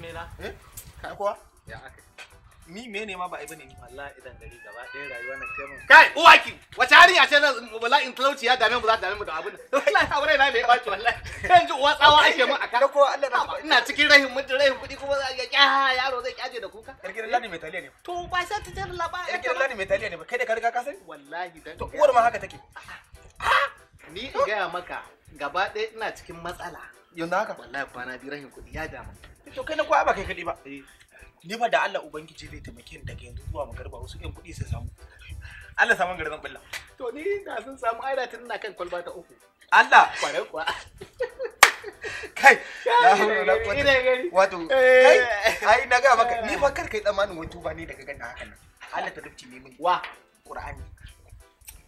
me na eh kai kuwa ya aka ni me ne ma ba ai bane ni wallahi idan gari gaba ɗaya rayuwa na kai mun kai uwa wace hariya ce nan wallahi in talauci ya dame mu za ta dame mu da abin wallahi aure na bai kwaci wallahi kan ji uwa tsawa ake mun aka ko Allah ina cikin rahin kuma ya yaro zai kyaje da kuka karkin Allah mai taliya ne to ba sai ta tar laba karkin Allah mai taliya ne kai da ka riga ka sani wallahi dan to uwar ma haka take ni in gaya maka gaba ɗaya ina cikin matsala yanzu haka wallahi kwana bi rahin kuɗi ya dama to kai na kwa ba kai kaɗai ba ni fa da Allah ubangiji zai taimake ni daga yanzu zuwa magarba wasu yan kuɗi su samu Allah samu gari zan bulla to ni da sun samu aida tun ina kan kwalba ta uku Allah kwarai kwa? kai na hau na kwalba wato eh. kai ai na ga maka ni fa kar kai tsammanin wani tuba ne daga ganin hakan Allah ta dubci ne min wa Qur'ani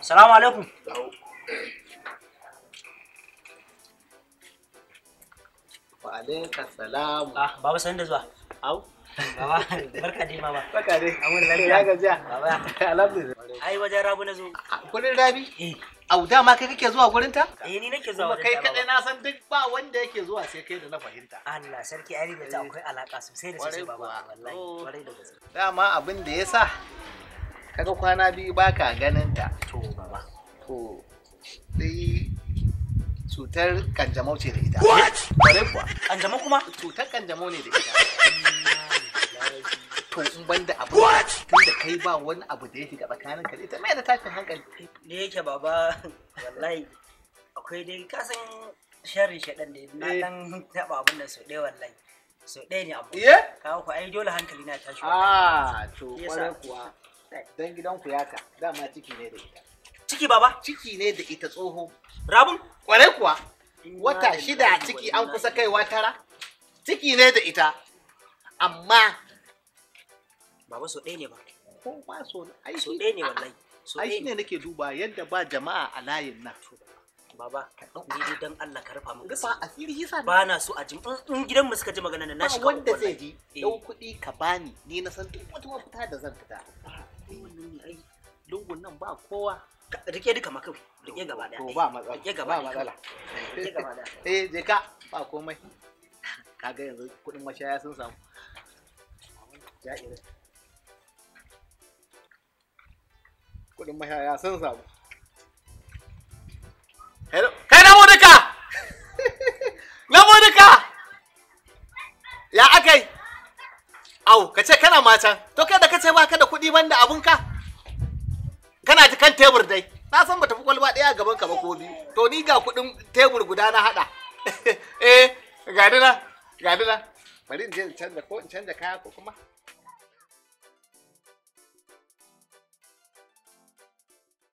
Salamu Wa alaika salamu. Ah, baba san da zuwa. Au. wajen rabu na zo. Gurin rabi? Eh. Au dama kai kake eh, na san duk ba wanda yake zuwa sai kai da na fahimta. Allah sarki ai da ta eh. akwai alaka sosai da sosai baba. Wallahi. Oh. Dama abin ya sa kaga kwana biyu baka ganinta. wato dai cutar kanjamau ce da ita. What? Bare kuwa. Kanjamau kuma? Cutar kanjamau ne da ita. To in banda abu. What? Tun da kai ba wani abu da ya shiga tsakanin ka ita mai da tashin hankali. Ne yake baba wallahi akwai dai kasan sharri shaɗan da na ɗan eh. taɓa abin da sau ɗaya wallahi. Sau ɗaya ne abu. Iye? Eh? Kawo ku ai dole hankali na tashi. Ah, to kwarai kuwa. Dan gidanku yaka dama ciki ne da ita. Ciki baba? Ciki ne da ita tsoho. Rabun? Kware kuwa. Wata shida ciki an kusa kaiwa tara. Ciki ne da ita. Amma. Baba so ɗaya ne ba. Ko ba so ai so ɗaya ne wallahi. So ɗaya ne nake duba yadda ba jama'a a layin nan. Baba, ni dai dan Allah ka rufa min Rufa asiri yasa ba na so a ji in gidan mu suka ji magana na shi wanda zai ji dau eh. kuɗi ka bani ni na san duk wata mafita da zan fita. Wannan ne ai lungun nan ba kowa rike duka makau rike gaba daya to ba matsala rike gaba matsala rike eh je ka ba komai kaga yanzu kudin mashaya sun samu ja'ira kudin mashaya sun samu hello kai na duka na duka ya akai au ka ce kana matan to kai da ka ce ba ka da kuɗi banda abun ka tana ta kan tebur dai na san ta fi kwalba ɗaya a gaban ka ba ko biyu to ni ga kuɗin tebur guda na haɗa eh ga dina ga dina bari in je in canza ko in canza kaya ko kuma